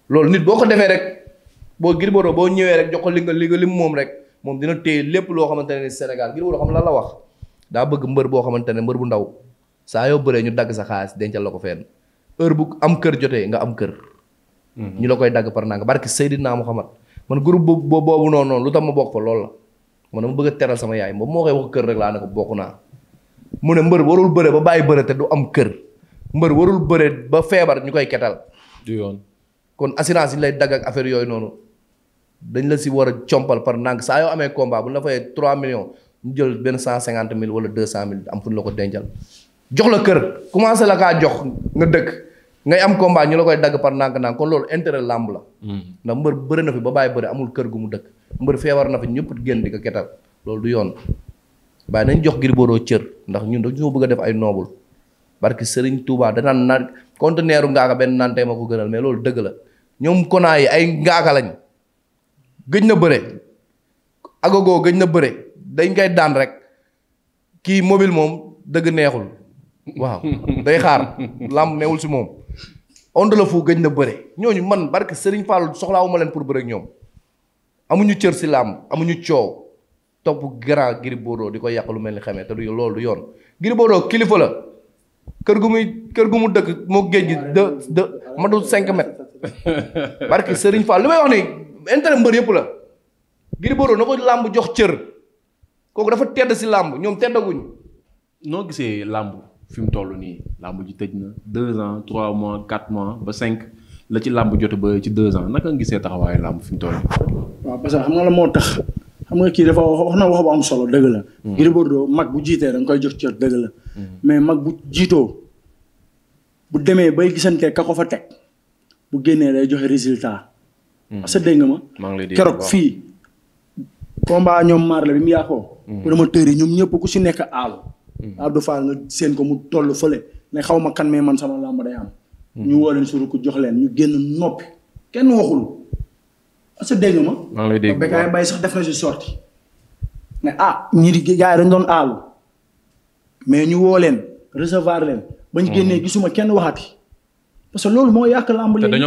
loolu nit boo ko defee rek. boo Gris boo ñëwee rek jox ko li nga li nga lim moom rek moom dina téye lépp loo xamante ne Sénégal Gris Bordeaux xam lan la wax daa bëgg mbër boo xamante ne mbër bu ndaw saa yoo bëree ñu dagg sa xaalis dencal la ko fenn heure bu am kër jotee nga am kër. Mhm. ñu la koy dagg par nanga barki Seydina Muhammad man groupe boobu boobu noonu noonu lu tax ma bokk loolu la man dama bëgg a yaay moom moo koy wax kër rek laa ko bokk naa. mu ne mbër warul bëre ba bàyyi bëre te du am kër mbër warul bëre ba feebar ñu koy ketal. du yoon kon assurance lay dagg ak affaire yooyu noonu dañ la si war a compal par ndànk saa yoo amee combat bu na la fayee 3 millions ñu jël benn 150 mille wala 200 mille am fu ñu la ko dencal. jox la kër commencé la kaa jox nga dëkk ngay am combat ñu la koy dagg par ndànk ndànk kon loolu intérêt làmb la. Hmm. ndax mbër na fi ba bàyyi bëri amul kër gu mu dëkk mbër feebar na fi ñëpp génn di ko ketal loolu du yoon waaye nañ jox Gris Bordeaux ndax ñun dañoo bëgg a def ay noobul barki Serigne Touba danaan naan conteneur ngaaka benn nante ma ko gënal mais loolu dëgg la ñoom konaa yi ay ngaaka lañ. gëj na bëre agogo gëj na bëre dañ koy daan rek kii mobile moom dëgg neexul waaw day xaar làmb meewul si moom Onde le Fou gëj na bëre ñooñu man barke Serigne Fall soxlaawuma leen pour bëre ak ñoom amuñu cër si làmb amuñu coow topp grand Gris Bordeaux di ko yàq lu mel ni xamee te loolu yoon Gris kilifa la kër gu muy kër gu mu dëkk moo géej gi de de ma du cinq mètres barke Serigne Fall li may wax nii intérêt mbër yëpp la Gris Bordeaux na ko làmb jox cër kooku dafa tedd si làmb ñoom teddaguñ noo gisee làmb fi mu toll nii làmb ji tëj na deux ans trois mois quatre mois ba cinq la ci làmb jot ba ci deux ans naka nga gisee taxawaayu làmb fi mu toll nii. waaw parce que xam nga la moo tax xam nga kii dafa wax na wax bu am solo dëgg la. Hmm. Gris Bordeaux mag bu jiitee da koy jox cër dëgg la. Hmm. mais mag bu jiitoo bu demee bay gisantee ka ko fa teg bu génnee day joxe résultat. parce mm. que dégg nga ma. keroog fii. combat ñoom maar la bi mu yàqoo. promoteur mm. yi ñoom ñëpp ku si nekk aalu. Mm. Abdou Fall nga seen ko mu toll fële ne xaw ma kan mais man sama làmb day am. ñu woo leen suru ko jox leen ñu génn noppi kenn waxul. parce que dégg ma. maa ngi lay dégg Bécaye Mbaye sax def na si sorti ne ah ñii di gars yi dañu doon aalu mais ñu woo leen recevoir leen. bañ génnee gisuma kenn waxati. parce que loolu moo yàq lamb léegi.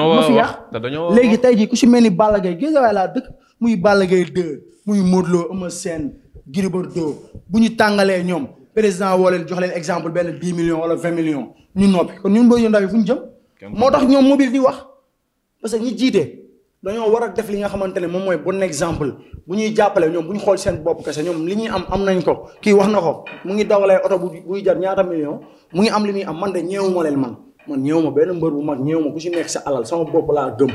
dañoo léegi tey jii ku si mel ni Balla Gaye Guédiawaye laa dëkk muy Balla Gaye 2 muy Modou Lo Eumeu Sène Gris Bordeaux bu ñu tàngalee ñoom président woo jox leen exemple benn 10 million wala 20 millions ñu noppi kon ñun boo yu ndaw yi fu ñu jëm. moo tax ñoom mobile di wax parce que ñi jiite dañoo war a def li nga xamante ne moom mooy bon exemple bu ñuy jàppalee ñoom bu ñu xool seen bopp kese ñoom li ñuy am am nañ ko kii wax na ko mu ngi dawalee oto bu buy jar ñaata millions mu ngi am li muy am man de ñeewuma leen man man ñëw ma benn mbër bu mag ñëw ma ku ci nekk sa alal sama bopp laa gëm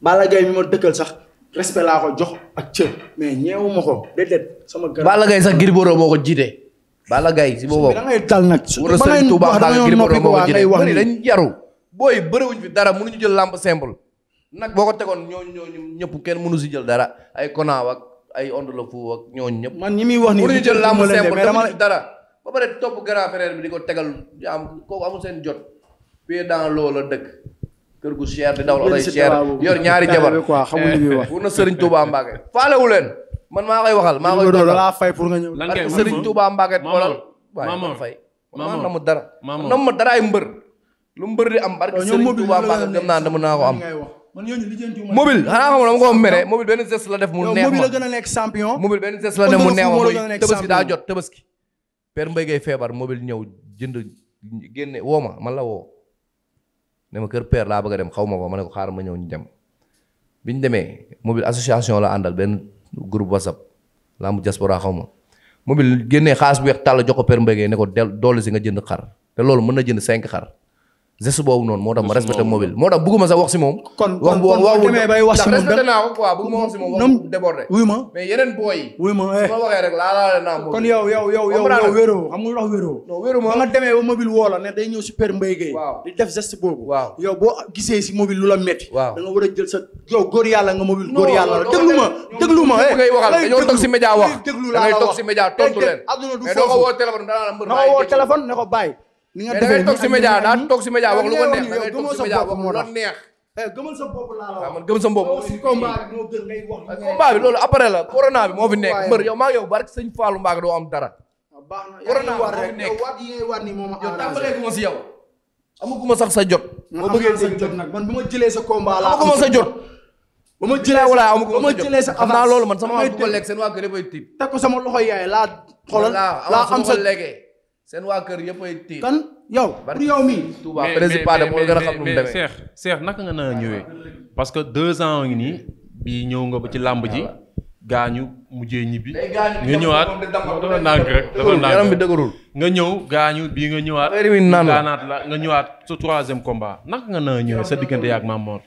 Balla Gaye mi ma dëkkal sax respect laa ko jox ak cër mais ñëw ma ko déedéet sama. garab Balla sax Gris Bordeaux moo ko jiite. Balla Gaye si boppam da ngay tal nag. su ba ngay wax da ngay noppi ko waa ngay wax ni dañu yaru. booy bëriwuñ fi dara mënuñu jël lampe simple. nag boo ko tegoon ñooñu ñooñu ñëpp kenn mënu si jël dara ay konaaw ak ay onde la fou ñooñu ñëpp. man ñi muy wax nii mënuñu jël lampe simple dara ba pare topp grand frère bi di ko tegal yaa am kooku amul seen jot pied dans l'eau la dëkk kër gu cher di dawal oto cher yor ñaari jabar wur na Serigne Touba Mbacke faalewu leen man maa koy waxal maa koy laa fay pour nga ñëw lan kay Serigne Touba Mbacke xoolal waaye ma fay maa namu dara namu dara ay mbër lu mbër di am barke Serigne Touba Mbacke dem naa dama naa ko am man ñooñu lijjanti ma mobile xanaa xam la def mu neex ma nekk champion mobile benn geste la def mu neex ma mooy tabaski daa jot tabaski père Mbaye Gueye feebar mobile ñëw jënd génne woo ma woo ne ma kër per laa bëgg a dem xaw ma ko ma ne ko xaaral ma ñëw ñu dem bi ñu demee mobile association la àndal benn groupe whatsapp laa mu diaspora xaw ma mobile génnee xaalis bu weex tàll jox ko père mbéy ne ko del dolli si nga jënd xar te loolu mën na jënd cinq xar geste boobu noonu moo tax ma respecté mobile moo tax bëgguma sax wax si moom. kon kon kon demee bay wax si moom respecté naa ko quoi wax wax débordé. Eh. kon yow yow yow yow wéroo xam nga lu tax wéroo. non wéroo ma nga demee ba mobile woo la ne day ñëw super mbay gay. waaw di def geste boobu. waaw boo gisee si mobile lu la metti. waaw da nga war a jël sa yow góor yàlla nga mobile. góor yàlla la déglu ma déglu ma. eh ngay waxal si média wax. déglu laa la wax da ngay toog si média tontu leen. mais doo ko woo téléphone danaa la mbër li nga defee toog média daa toog si média wax lu ko neex da ngay toog eh, bopp laa la wax man gëm sa bopp. aussi combat bi moo gën ngay wax. combat bi loolu après la corona bi moo fi nekk mbër yow maa yow barke sëñ Fallou Mbacké doo am dara. Ah, baax na corona moo fi nekk waat yi ngay waat nii moom yow tàmbaleeguma si yow. amaguma sax sa jot. boo ah, bëggee sa jot nag man bu ma jëlee sa combat laa amaguma sa jot. ba ma jëlee wala ba ma jëlee sa avance loolu man sama waa seen waa kër yëpp ay tiit. teg ko sama loxo yaay laa xoolal am sa lekkee seen waa kër yëppay téye. kan yow pour yow mii. Touba président de moo gën a xam nu mu demee Cheikh Cheikh naka nga naa ñëwee. parce que deux ans ngi nii bii ñëw nga ba ci làmb ji. gaañu mujjee ñibbi. nga ñëwaat dafa nànk rek dafa nànk nga ñëw gaañu bii nga ñëwaat. gaanaat la nga ñëwaat sa troisième combat naka nga naa ñëwee sa diggante yaak Mame Mor.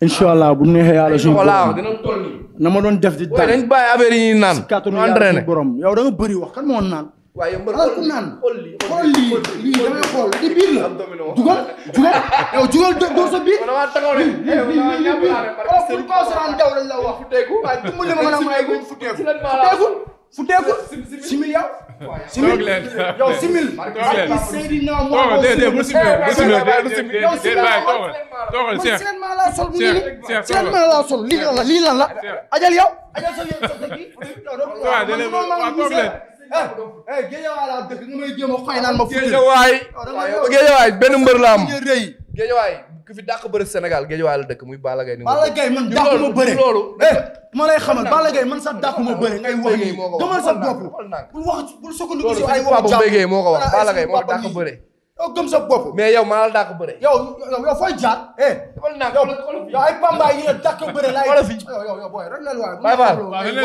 incha allah bu neexee yàlla suñu borom na ma doon def di daan dañ bàyyi affaire yi ñuy naan. si kàttanu borom yow da bëri wax kan moo naan. waaye yow mbala ku naan xool jugal jugal yow jugal door sa biir lii lii lii biir xool oh, wax. waaye ma mën a mën a fu teeku simil yow. simil yow simil. ak i Seydina Mohamed simil. bu simil bu simil bu simil yow simil la man man seen maa laa sol bu nii seen maa laa sol lii lan la lii lan la ajal yow. ajal sa yow sa kii. waaw déedéet waaw toog leen. géejawaay laa dëkk nga may jéem a xoy naan ma. géejawaay géejawaay benn mbër la am. géejawaay ku fi dàq bëri Sénégal géejawaay la dëkk muy Balla Gaye. Balla Gaye man dàq ma bëre eh, loolu ma lay xamal Balla Gaye man sax dàq ma bëre ngay wax yi gëmal sa bopp bul wax bul sukkandiku si ay waxu jàpp moo ko wax Balla Gaye moo dàq bëre yow mais yow maa la dàq bëre yow yow fooy jaar eh yow ay pambaay yi la dàq bëre laay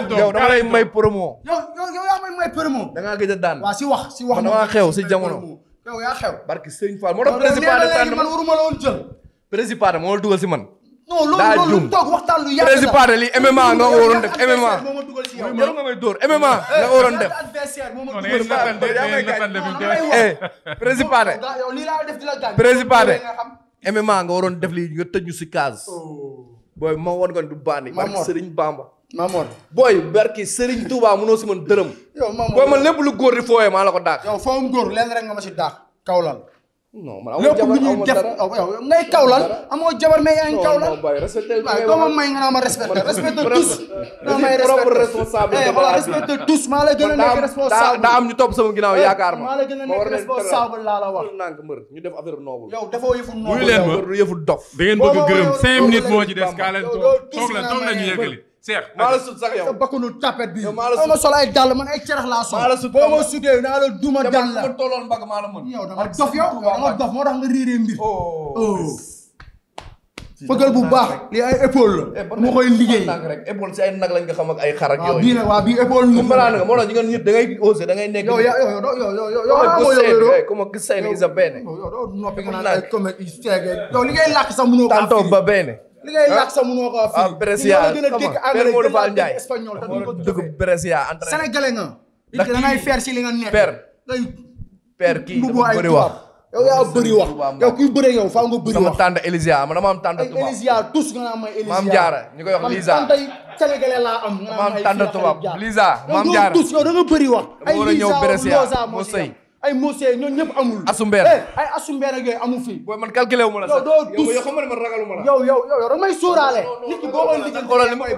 yow dama lay may promo yow yow yaa may may promo da ngaa a daan waaw si wax si wax dama xew si jamono yow yaa xew. barki Sëriñ Fall moo tax principal de tànn man waruma la woon jël. principal moo la dugal si li MMA nga ko def MMA. yow nga may dóor MMA eh, nga ko waroon def. principal principal MMA nga waroon def lii ñu si case. Oh. booy ma woon nga du bànni. barki Sëriñ Bamba. Mamor booy barki Serigne Touba munoo si man dërëm. yow Mamor booy man lu góor di fooyee maa la ko dàq. yow foo am góor lenn rek nga ma si dàq kawlal. non man amoo jabar amoo dara lépp lu ñuy def ngay kawlal amoo jabar mais yaa ngi kawlal. non maa la gën a nekk responsable. daa eh, maa la gën a nekk responsable laa ñu def affaire noble. yow dafoo yëfu noble. wuyu leen ma yëfu dof. da ngeen gërëm cinq minutes moo ci des kaa leen toog la toog la ñu yëkkali Cheikh maa la sa bakkanu tapet bi yow ma sol ay dàll man ay cerex laa sol maa boo ma sutee naa la duma dàll la dama tolloon mbagg maa la mën yow bu baax li ay épaule la mu koy liggéey rek épaule si nag lañ nga xam ay xar ak yooyu bii nag waa bii épaule mu mën ñu da ngay osé da ngay nekk yow yow yow yow yow isa benn yow ay comme i seege yow li ba benn li ngay làkk sax mënoo ko fi. waaw ah, Brescia xam nga Père nga. ndax da si li nga nekk. Père Père kii dafa bëri wax. yow yaa bëri wax yow kuy bëree yow faaw nga bëri wax. sama tante Elisia man dama am tante tubaab. Elisia tous nga naan may Elisia. maam Jaara ñu koy wax Lisa man tante sénégalais laa am. nga naan may Lisa maam tante tubaab Lisa maam Jaara. yow tous yow da nga bëri wax. ay Moussé ñooñu ñëpp amul. asumbeer eh, ay asumbeer ak yooyu amul fii. booy man yow doo tus yow xam nga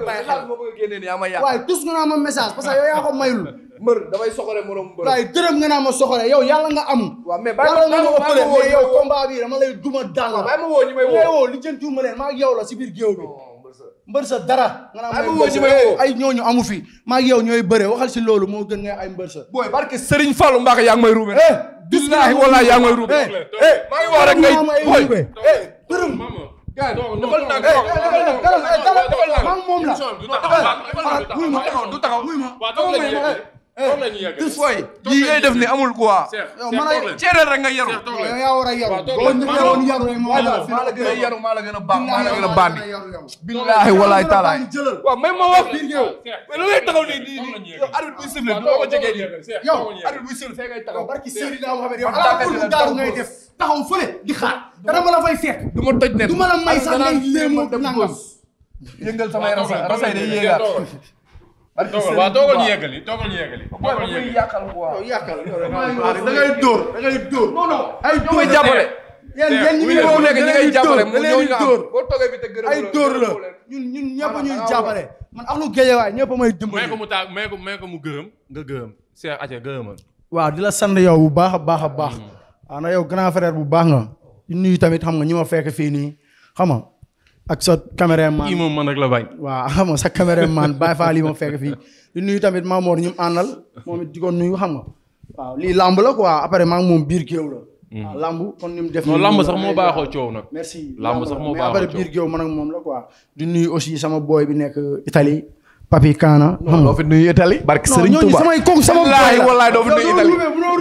a génne waaye tus nga naa ma message parce yaa ko mayul. mbër damay soxore morom mbër. waaye dërëm nga naa ma soxore yow yàlla nga am. waaw mais bàyyi ma woo yow combat bi dama lay duma daan ma woo ñi yow biir géew bi mbër sa dara. nga naan ay ñooñu amu fi. maa yow ñooy bëre waxal si loolu moo gën ngay ay mbër sa. booy barke Serigne Fallou Mbacke yaa ngi may ruube. billahi wallahi yaa ngi may ruube. maa ngi wax rek ngay booy. dërëm. gaa defal naa defal naa defal naa moom du taxaw du taxaw il faut yi ngay def ni amul quoi. yow man ay cere rek nga yaru. yow yaa war a yaru. boo ñu yaroon yaru rek maa la gën a yaru maa la gën a baax maa la gën a bandi. billaahi wallaahi taalaay. waaw may ma wax. mais lu ngay taxaw nii di di yow arbitre buy siffle du ma ko jege nii. yow arbitre buy siffle fee ngay taxaw. barki Seydina Mohamed yow ala kulli daaru ngay def. taxaw ma la fay seet. du ma toj du ma la may sax ngay léemu nangam. yëngal sama yaram rasa yi day yéegaat waa toogal ñu yeggali toogal ñu yeggali. toogal ñu yeggali waaw yàqal da ngay dóor da ngay dóor. non non ay dóor la ñun ñun ñëpp ñuy jàppale. man am lu géejewaay ñëpp may dimbali. may ko mu taag may ko ko mu gërëm nga gërëm. Cheikh Atia gërëmal. waaw di la sant yow bu baax a baax a baax. Mm. ana yow grand frère bu baax nga. nuyu tamit xam nga ñi ma fekk fii nii xam ak sa caméraman kii moom man rek la bañ. waaw xam nga sa caméraman Baye Fall yi ma fekk fii di nuyu tamit Mamour ñu àndal moom it di ko nuyu xam nga. lii làmb la quoi après maa moom biir géew la. Hmm. waaw lamb kon ni mu def. non lamb sax moo baaxoo coow nag. merci sax moo baaxoo coow mais après biir géew moom la quoi. di nuyu aussi sama boy bi nekk Italie. Papi Kaana. non doo fi nuyu Italie. barke Serigne Touba samay kooku sama boy la doo fi nuyu Italie.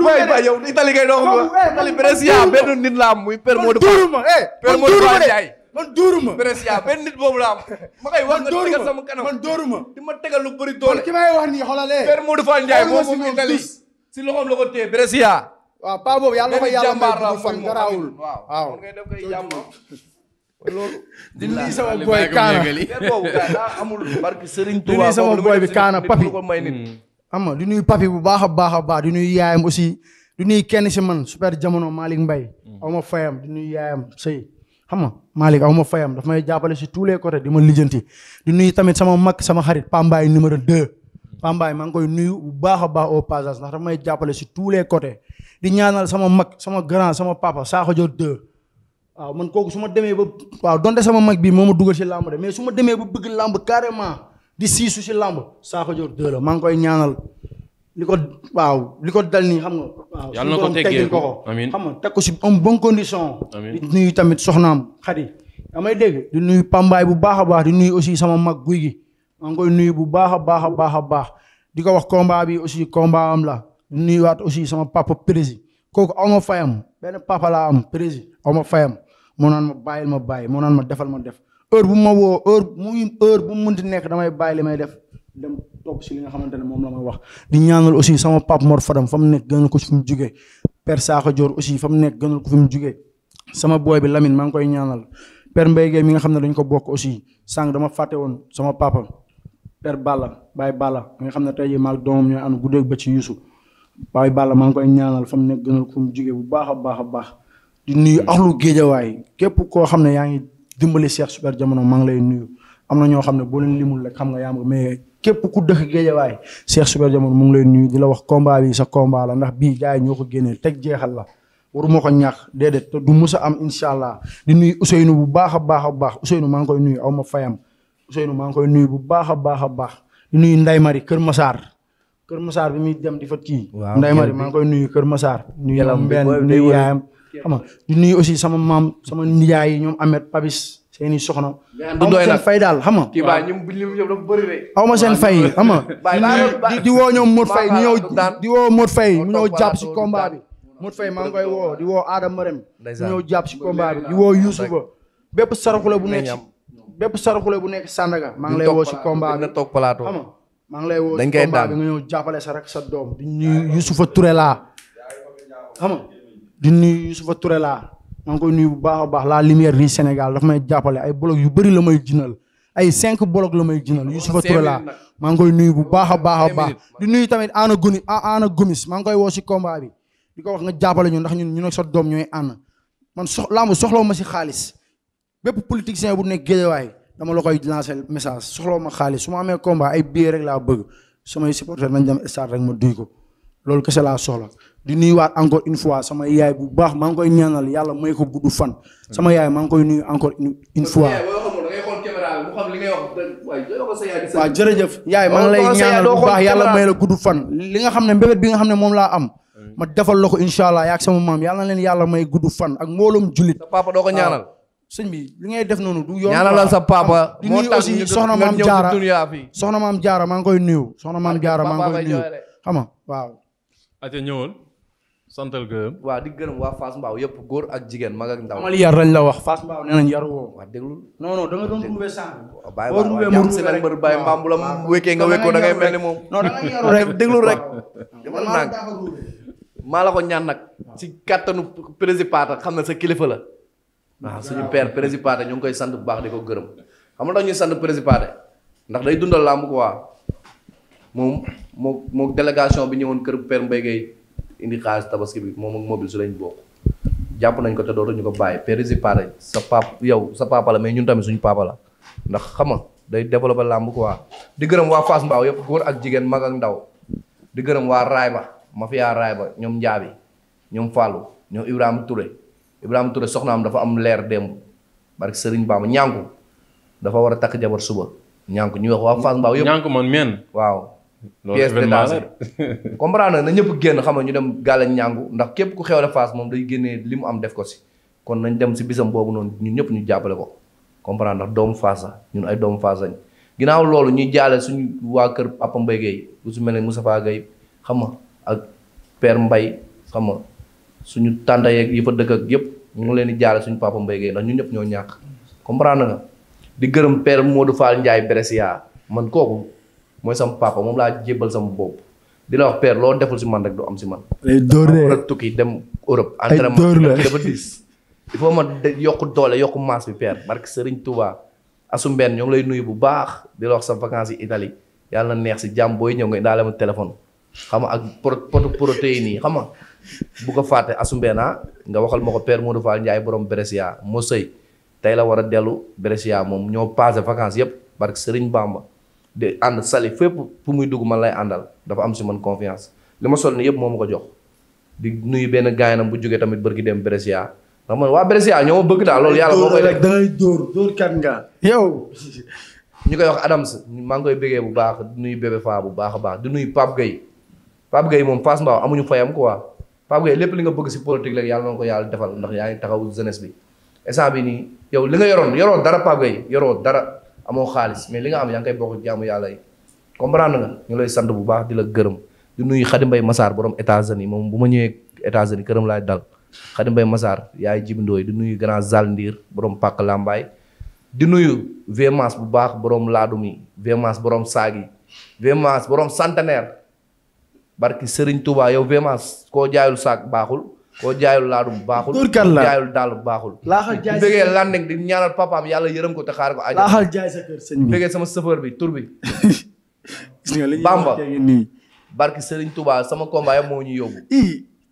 waay waay yow Italie kay doo ko. Italie Brescia benn nit la am muy Père Modou. man duuru ma eh man duuru ma de man dóoruma Brescia benn nit boobu la am ma koy wax nga man dóoruma di ma tegal lu bëri doole ki may wax nii xolalee eh. père Modou Fall Ndiaye moom moom si loxoom la ko téye Brescia waaw paa boobu yàlla ko yàlla may bu fan garaawul waaw ngay di nuyu sama boy kaana boobu di nuyu sama boy bi kaana papi xam hmm. di nuyu papi bu baax a baax a baax di nuyu yaayam aussi di nuyu kenn si man super jamono Malick Mbaye hmm. aw ma fayam di nuyu yaayam sëy xam nga Malick aw ma fayam daf may jàppale si tous les côtés di ma lijjanti di nuyu tamit sama mag sama xarit Pambaay numéro 2. Pambaay maa ngi koy nuyu bu baax a baax au passage ndax dafa may jàppale si tous les côtés di ñaanal sama mag sama grand sama papa Sakho Dior 2. waaw man kooku su ma demee ba waaw donte sama mag bi moom ma dugal si làmb de mais su ma demee ba bëgg làmb carrément di siisu si làmb Sakho Dior 2 la maa ngi koy ñaanal. li ko waaw li ko dal nii xam nga. waaw yàlla na ko teggee ko ko xam nga teg ko si am bonne condition. amiin di nuyu tamit soxnaam xadi damay dégg di nuyu pambaay bu baax a baax di nuy aussi sama mag guy gi maa koy nuyu bu baax a baax a baax a baax di ko wax combat bi aussi combat am la di nuyuwaat aussi sama papa prési kooku aw ma fayam benn papa laa am prési aw ma fayam moo naan ma bàyyil ma bàyyi moo naan ma defal ma def heure bu ma woo heure mu bu mu munti nekk damay bàyyi li may def dem topp si li nga xamante ne moom la may wax di ñaanal aussi sama Pape Mor Fadam fa mu nekk gënal ko fi mu jugee per Sakho Dior aussi fa mu nekk gënal ko fi mu jugee sama booy bi Lamine maa ngi koy ñaanal Père Mbaye mi nga xam ne dañ ko bokk aussi sànq dama fàtte woon sama papa Père Balla Baye Balla mi nga xam ne tey jii maag doomam ñooy ànd guddeeg ba ci Youssou Baye Balla maa ngi koy ñaanal fa mu nekk gënal ko mu jugee bu baax a baax a baax di nuyu axlu géejawaay képp koo xam ne yaa ngi dimbali Cheikh Super Jamono maa ngi lay nuyu am na ñoo xam ne boo leen limul rek xam nga yaa mais képp ku dëkk géejawaay Cheikh Super Diamone mu ngi lay nuyu di la wax combat bi sa combat la ndax bii gars ñoo ko génnee teg jeexal la waruma ko ñàkk déedéet te du mës a am incha allah di nuyu Ousseynou bu baax a baax a baax Ousseynou maa ngi koy nuyu aw ma fayam Ousseynou maa ngi koy nuyu bu baax a baax a baax di nuyu Ndeye Marie Kër masaar Kër Massar bi muy dem di fa kii. waaw Ndeye Marie maa ngi koy nuyu Kër masaar nuyu mbenn nuyu yaayam xam nga di nuyu aussi sama maam sama nijaay yi ñoom Ahmed Pabis. seeni soxna. du doy nag fay daal xam nga. kii baa ñu bëri de. aw ma seen fay xam nga. di di woo ñoom Modou Faye ñëw di woo Modou Faye mu jàpp si combat bi. Modou Faye maa ngi woo di woo Adama Marème. mu ñëw jàpp si combat bi di woo Youssouba. bépp saraxule bu nekk bépp saraxule bu nekk Sandaga. maa lay woo si combat bi nga. maa ngi lay woo si combat bi nga ñëw jàppale sa rek sa doom. di nuyu Youssoufa Touré laa xam nga di maa ngi koy nuyu bu baax a baax laa lumière du Sénégal dafa may jàppale ay bloc yu bëri la may jinal ay cinq bloc la may jinal oh, Youssoufa Touré laa maa ngi koy nuyu bu baax a a baax nuyu tamit Ana Gomis Ana ah, Gomis maa ngi koy woo si combat bi di ko wax nga jàppale ñun ndax ñun ñu nekk doom ñooy ànd man sox làmb soxlawu ma si xaalis bépp politicien bu nekk géejawaay dama la koy lancer message soxlawu ma xaalis su amee combat ay billets rek laa bëgg samay supporter nañ dem stade rek ma duy ko loolu kese laa soxla di nuyuwaat encore une fois sama yaay bu baax maa ngi koy ñaanal yàlla may ko gudd fan. sama yaay maa ngi koy nuyu encore une fois. waaw jërëjëf. yaay maa ngi lay ñaanal yàlla may la gudd fan. li nga xam ne mbébét bi nga xam ne moom laa am. ma defal la incha allah yaa sama maam yàlla leen yàlla may gudd fan ak mbooloom jullit. sa doo ko ñaanal. sëñ bi li ngay def noonu du yoon. sa papa moo tax ñu soxna maam jaara maa ngi koy nuyu. soxna maam jaara maa ngi koy nuyu xam nga waaw. ate ñëwoon santal gërëm waaw di gërëm waa Fass Mbao yëpp góor ak jigéen mag ak ndaw. yar lañ la wax Fass Mbao nee nañ yar woo. waaw déglul non non da nga doon bàyyi boo mbaam bu la wékkee nga wékkoo da ngay mel ni moom. non da ngay déglul rek. maa la ko ñaan nag. ci kattanu présipaata xam na sa kilifa la. waaw suñu père présipaata ñu ngi koy sant bu baax di ko gërëm. xam nga ñuy sant présipaata ndax day dundal làmb quoi moom moo moo délégation bi ñëwoon kër Père Mbaye Gueye indi xaalis tabaski bi moom ak mobile su lañ bokk jàpp nañ ko te dootuñu ko bàyyi pérésipare sa pap yow sa papa la mais ñun tamit suñu papa la ndax xama day développé làmb quoi di gërëm waa Fass Mbao yëpp góor ak jigéen mag ak ndaw di gërëm waa Rayba mafia Rayba ñoom Njaabi ñoom Fallou ñoom Ibrahima Touré Ibrahima Touré soxnaam dafa am leer démb barke Serigne Bamba ñànku dafa war a takk jabar suba ñànku ñuy wax waa Fass Mbao yëpp ñànku man men waaw pièce détachée comprendre na ñëpp génn xam ñu dem gàllañ ñàngu ndax képp ku xew la Fass moom day génnee li mu am def ko si kon nañ dem si bisam boobu noonu ñun ñëpp ñu jàppale ko comprendre ndax doomu Fass ñun ay doomu Fass lañ ginnaaw loolu ñuy jaale suñu waa kër Papa Mbaye Gueye bu su mel mu Moustapha Gueye xam nga ak Père mbay xam nga suñu tànta yeeg yi fa dëkk ak yëpp ñu ngi leen di jaale suñu Papa Mbaye Gueye ndax ñun ñëpp ñoo ñàkk comprendre nga di gërëm Père Modou Fall Ndiaye Brescia man kooku mooy sama papa moom laa jébbal sama bopp dina wax père loo deful si man rek du am si man. ay dóor la tukki dem Europe. entraînement dafa diis. il yokk doole yokk masse bi père barke Serigne Touba asu mbenn ñoo lay nuyu bu baax di la wax sa vacances yi Italie yàlla neex si jàmm booy ñëw nga indaale ma téléphone. xam nga ak potu protéine yi xam nga bu ko fàtte asumbeena ah, nga waxal ma ko per Modou Fall Ndiaye boroom Brescia moo sëy tey la war a dellu Brescia moom ñoo passé vacances yëpp barke Serigne Bamba de ànd sali fépp fu muy dugg man lay àndal dafa am si man confiance li ma sol ni yëpp moo ma ko jox di nuyu benn gaynam bu jógee tamit bërgi dem Brescia ndax man waa Brescia ñoo ma bëgg daal loolu yàlla moo koy def ñu koy wax Adams maa ngi koy bëggee bu baax di nuyu bébé faa bu baax a baax di nuyu Pape Gueye Pape Gueye moom Fass Mbao amuñu ko quoi Pape Gueye lépp li nga bëgg si politique rek yàlla na ko yàlla defal ndax yaa ngi taxaw jeunesse bi nii yow li nga yoroon yoroo amoo xaalis mais li nga am yaa ngi koy bokk jaamu yàlla yi comprendre nga ñu lay sant bu baax di la gërëm di nuyu Xadi Mbay Masaar borom États-Unis moom bu ma ñëwee États-Unis këram laay dal Xadi Mbay Masaar yaay jibindooy di nuyu grand Zal Ndiir borom Pàkk Lambaay di nuyu Vémas bu baax borom laadum yi Vémas borom saag yi Vémas borom centenaire barki Serigne Touba yow Vémas koo jaayul saag baaxul koo jaayul laadum baaxul. koo jaayul daal baaxul. laaxal jaay sa kër lan nekk di ñaanal papaam yàlla yërëm ko te xaar ko. àjjana laaxal jaay sa kër sëñ bi bëggee sama chauffeur bi tur bi. Bamba barki Serigne Touba sama combat moo ñu yóbbu.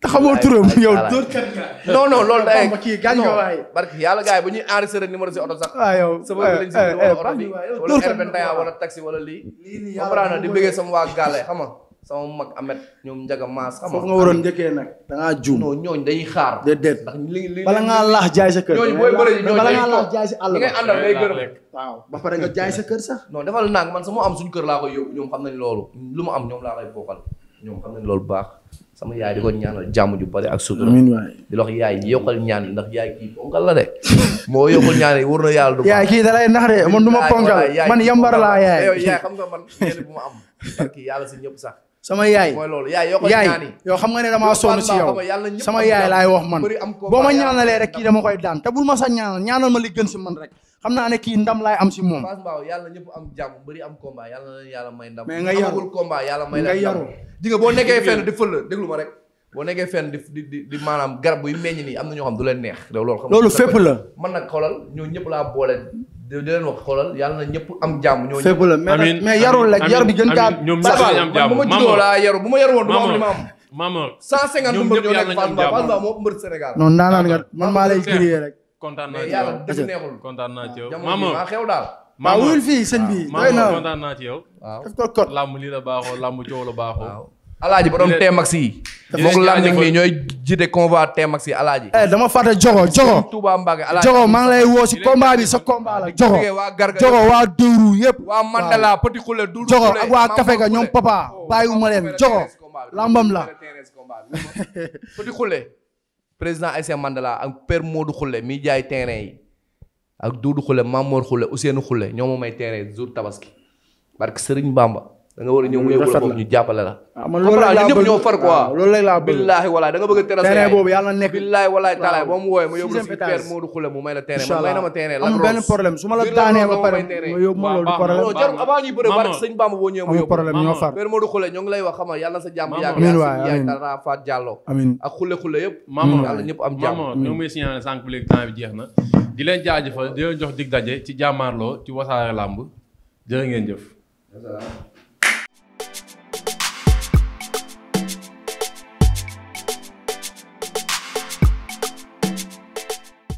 te xamoo turam yow dóor kat nga. non non loolu day kii gaañ nga waaye. barki yàlla gars yi bu ñuy enregistré numéro si oto sax. ah yow sama lañ si wala eh, eh, oto bi wala R21 wala taxi wala lii. lii nii yàlla di bëggee sama waa Gale xam nga sama mag Amet ñoom Njaga Maas. xam nga foofu nga waroon njëkkee nag. da ngaa juum non ñooñu dañuy xaar. déedéet ndax li bala ngaa laax jaay sa kër. ñooñu booy bëri ñooñu bala ngaa laax jaay si àll ba. ngay àndal day gërëm waaw ba pare nga jaay sa kër sax. non defal nang man sama am suñu kër laa koy yóbbu ñoom xam nañ loolu. lu ma am ñoom laa koy bokkal ñoom xam nañ loolu baax. sama yaay di ko ñaanal jàmm ju bari ak sutura. amiin waay di wax yaay yokkal ñaan ndax yaay kii ponkal la de. moo yokkal ñaan yi wóor na yàlla du. yaay kii da lay nax de man du ma ponkal man yambar laa yaay. yaay xam nga man bu ma am. parce que yàlla si ñëpp sax. sama yaay mooy loolu yaay yoo ko ñaani yow xam nga ne damaa sonn si yow sama yaay laay wax man boo ma ñaanalee rek kii dama koy daan te bul ma sax ñaanal ñaanal ma li gën si man rek xam naa ne kii ndam laay am si moom Fass Mbaw yàlla ñëpp am jàmm bëri am combat yàlla na yàlla may ndam nga yarul combat yàlla may nga yarul di nga boo nekkee fenn di fël déglu ma rek boo nekkee fen di di maanaam garab buy meññ nii am na ñoo xam du leen neex loolu xam loolu fépp la man nag xoolal ñoo ñëpp laa boole di leen wax xoolal yàlla na ñëpp am jàmm. ñoo amiin mais yarul la yar bi gën kaa. ñoom ñëpp bu ma juddoo laa yaru bu ma yaru woon ñoom ñëpp yàlla jàmm 150 mbër ñoo mbër Sénégal. non naanaan nga man maa lay grillé rek. kontaan naa kontaan naa ci yow. maama jamono xew daal. maama wuyul fii sëñ bi. doy na maama kontaan làmb lii la baaxoo làmb coow la baaxoo alaaji ba doon teemax yi. moom lan ñu nii ñooy jiite convoi teemax yi alaaji. Eh, dama fàtte jogo jogo. Touba maa lay woo si combat sa combat la waa Dóoru yëpp. waa Mandala Petit Coulé Doudou Coulé oh, jogo Mandala ak père Modou Coulé mi jaay terrain yi ak Doudou Coulé Mamour Coulé Ousseynou Coulé ñoo ma may terrain jour tabaski barke Serigne Bamba. da nga war a ñëw mu yëgul foofu ñu jàppale la. ah man loolu rek laa bëgg ñoo far quoi ah, loolu rek laa bëgg. billaahi walaay da nga bëgg a terrasse terrain boobu yàlla nekk billaahi walaay taalaay ba mu wooyee ma yóbbu la si père Modou Khoule mu may la terrain man may na ma terrain la amul benn problème su ma la daanee ba pare ma yóbbu ma loolu problème non jarul avant ñuy bëre barke sëñ Bamba boo ñëwee ma yóbbu problème ñoo far père Modou Khoule ñoo ngi lay wax xamal yàlla sa jàmm yàgg amiin waay amiin dara faat jàlloo amiin ak Khoule Khoule yëpp maam yàlla ñëpp am jàmm maam ñoo may signalé sànq léegi temps bi jeex na di leen jaajëfal di leen jox dig daje ci jàmmaarloo ci wasaare làmb jërë ngeen jëf